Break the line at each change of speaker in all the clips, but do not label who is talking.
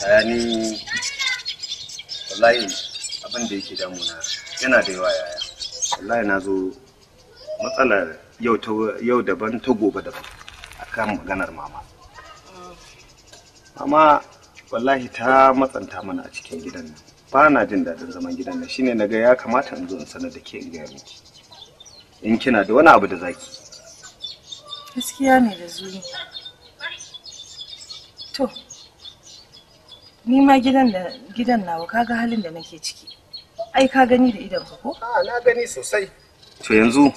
Hayani wallahi abin da yake damuna yana da yawa yaya. Wallahi na zo matsalar yau daban ta gobe daban kan maganar mama. Mama wallahi ta matsanta mana a cikin gidan nan. Ba na jin daɗin zaman gidan nan shine na ga ya kamata in zo in sanar da ke in gaya miki. In kina da wani abu da zaki. Gaskiya ne da zuwa. to ni ma gidan da gidan nawa kaga halin da nake ciki ai ka gani da idan ka ko Ah, na gani sosai to yanzu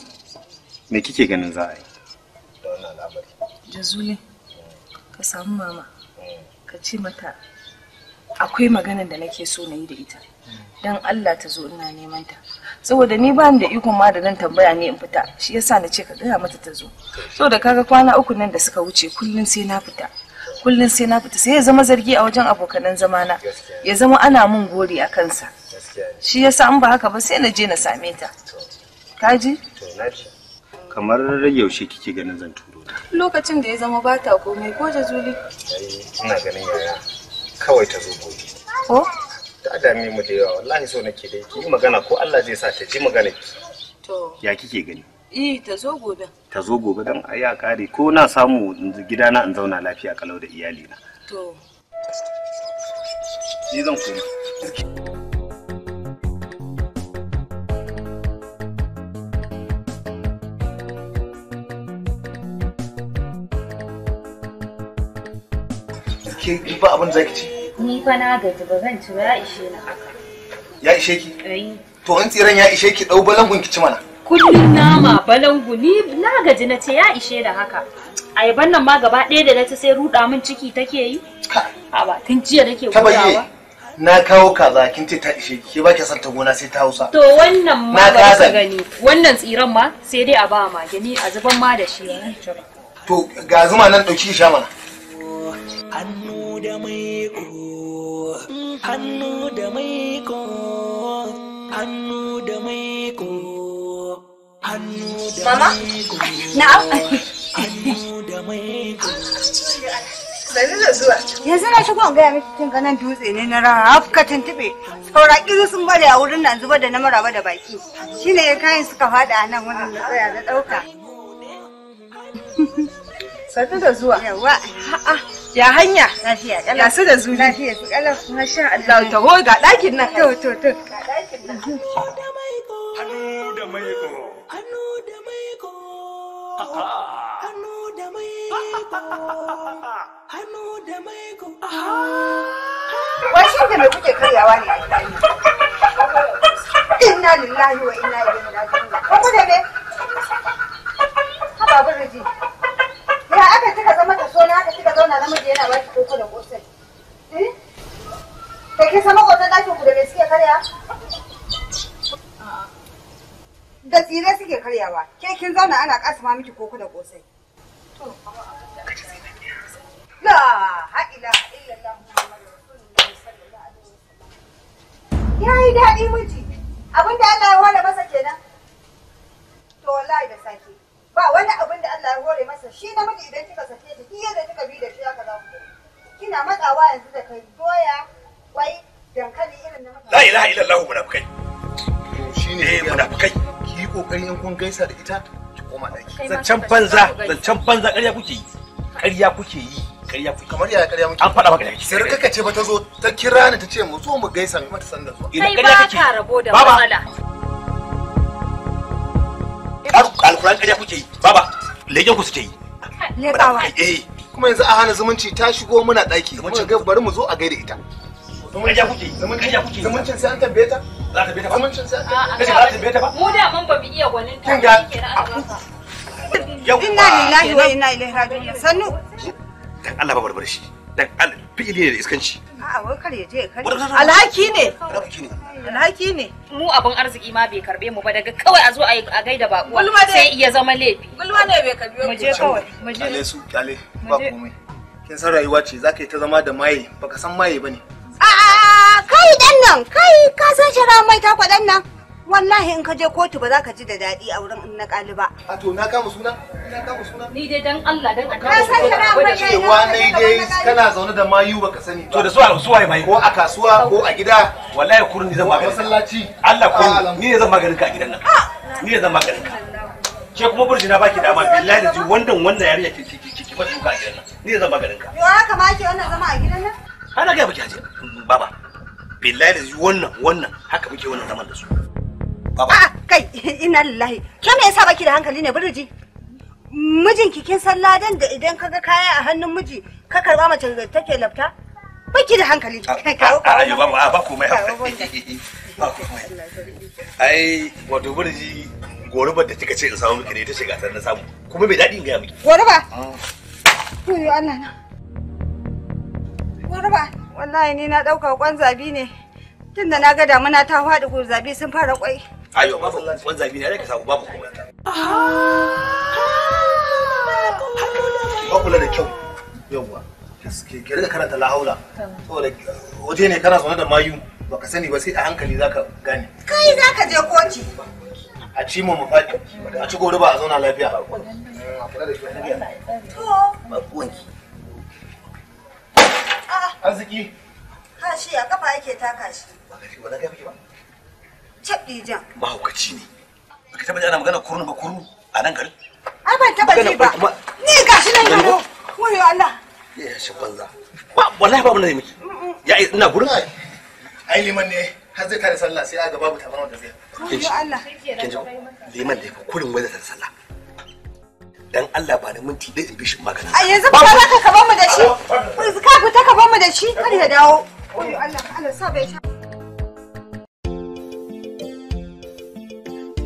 me kike ganin za a yi da wannan ka samu mama mm. ka ce mata akwai magana da nake so na yi da ita don Allah ta zo ina neman ta saboda ni ba da ikon ma da nan tambaya ne in fita shi yasa na ce ka gaya mata ta zo saboda kaga kwana uku nan da suka wuce kullum sai na fita kullum sai na fita sai ya zama zargi a wajen abokanan na. ya zama ana mun gori a kansa shi ya in ba haka ba sai na je na same ta ji? kamar yaushe kike ganin zan turo ta lokacin da ya zama ba ta komai ko da zuli ina ganin yaya kawai ta zo gobe ko ta dame mu da yawa wallahi so nake da ki magana ko Allah zai sa ta ji magana to ya kike gani Eh, ta zo gobe. Ta zo gobe don a ya kare ko na samu gidana in zauna lafiya kalau da iyalina. To. Ni zan koma. Ke ba abin zaki ci? Ni fa na gaji ba zan ci ba ya ishe na haka. Ya ishe ki? Eh. To an tsiran ya ishe ki dau balangun ki ci mana. kullum nama balangu ni na gaji na ce ya ishe da haka ayaban nan ma gaba ɗaya da na ta sai ruɗa min ciki take yi a ba tun jiya nake gudawa na kawo kaza kin ce ta ishe ki ba ki san ta gona sai ta hausa to wannan ma ba gani wannan tsiran ma sai dai a ba ma gani a zuban ma da shi to ga zuma nan dauki sha mana hannu da mai hannu da mai Mama? Na'am. Yanzu na gaya miki cin ganin dutse ne na rarraf ka tuntube. Saura kizu sun bari a wurin nan zubar da na maraba da baki. Shine ya kayan suka fada a nan wannan na tsaya na dauka. Sannu da zuwa. Yawa. Ya hanya. Lafiya Ya su da zuwa. Lafiya su kalau. Masha Allah. ga ɗakin nan. To to to. Ga ɗakin nan. Hannu da hannu da maiko washin da me kuke karyawa ne a gidan Ina lillahi wa ina inna ilaihi raji'un kuma da me haba burji ya aka cika zama ka so na haka kika zauna namiji yana baki koko da kosai
da ke sama kosai
dakin ku da mai suke karya da tsire suke karyawa ke kin zauna ana ma miki koko da kosai yayi daɗi miji abinda Allah ya hore masa kenan to wallahi da sake ba wani abin da Allah ya hore masa shi na miji idan kika sake shi kiyar da kika bi da shi haka za ku kina matsawa yanzu da kai doya kwai dankali irin na mutane la ilaha illallah munafikai shine eh munafikai ki yi kokarin kun gaisa da ita ki koma daki zancan banza zancan banza ƙarya kuke yi ƙarya kuke yi ƙarya kuke kamar yaya ƙarya muke an faɗa maka dai sai ce ba ta zo ta kira ni ta ce mu zo mu gaisa mu mata sanda zuwa ina ƙarya kake rabo da matsala alkuran ƙarya kuke yi baba legen ku suke yi eh kuma yanzu a hana zumunci ta shigo muna daki mun ga bari mu zo a gaida ita zumuncin sai an tambaye ta za ta beta ba zumuncin sai an tambaye ta ba mu da mun ba mu iya gwanin ta kenan a inna lillahi wa inna ilaihi raji'un sannu dan Allah ba barbar shi dan Allah fi'ili ne da iskanci a'a wai kar je kar alhaki ne alhaki ne mu abun arziki ma bai karbe mu ba daga kawai a zo a gaida bakuwa sai iya zama laifi gulma ne bai karbe mu je kawai mu je kyale su kale ba komai kin san rayuwa ce zaka yi ta zama da maye baka san maye bane a'a kai dan nan kai ka san shara mai ta kwadan nan wallahi in ka je kotu ba za ka ji da daɗi a wurin na ƙali ba. A to na kama suna? Na kama suna? Ni dai dan Allah dan Allah. Ka san kana ba ne. Wa ne dai kana zaune da mayu ba ka sani. To da su a suwa mai. Ko a kasuwa ko a gida. Wallahi kurni zan magana. Masallaci. Allah kurni. Ni ne zan maganin ka a gidan nan. Ah! Ni ne zan maganin ka. Ke kuma burjina baki dama billahi da ji wannan wannan yarinya ke ke ke ba duka a gidan nan. Ni ne zan maganin ka. Yo haka ma ke wannan zama a gidan nan? Ana ga ki aje. Baba. Billahi da ji wannan wannan haka muke wannan zaman da su. baba ah, kai ina lillahi ke me yasa baki da hankali ne burji mijinki kin san ladan da idan kaga kaya a hannun miji ka karba mace da take lafta baki da hankali ai ba ma ba komai ai wato burji goruba da kika ce in samu miki ne ta shiga ta na samu kuma bai daɗi in gaya miki goruba yo mm. Allah na goruba wallahi ni na ɗauka kwan zabi ne tunda na ga damuna ta faɗi ko zabi sun fara kwai ayo babu kun zabi ne ka samu babu kuma ba kula da kyau yawwa gaske ki rika karanta lahaula saboda waje ne kana zaune da mayu baka sani ba sai a hankali zaka gane kai zaka je koci a ci mu faɗi a ci gobe ba a zauna lafiya ba ah. arziki ha shi a kafa yake taka shi ba ka ci ba na kai ba Caɗija. Mahaukaci ne. Baka taɓa ji ana magana kurun ba kurnu a nan gari? Ai ban taɓa ji ba. Ni gashi nan gano. Wayo Allah. Ya shi banza. Ba wallahi babu na miki. Ya ina gurin. Ai liman ne har zai kare sallah sai a aga babu tabarau da zai. Wayo Allah. Kin ji liman da ya fi kurin wai da sallah. dan Allah ba da minti da in bi shi magana. A yanzu ba za ka kaba mu da shi. Ka fita ka mu da shi kar ya dawo. Wayo Allah Allah sa bai sha.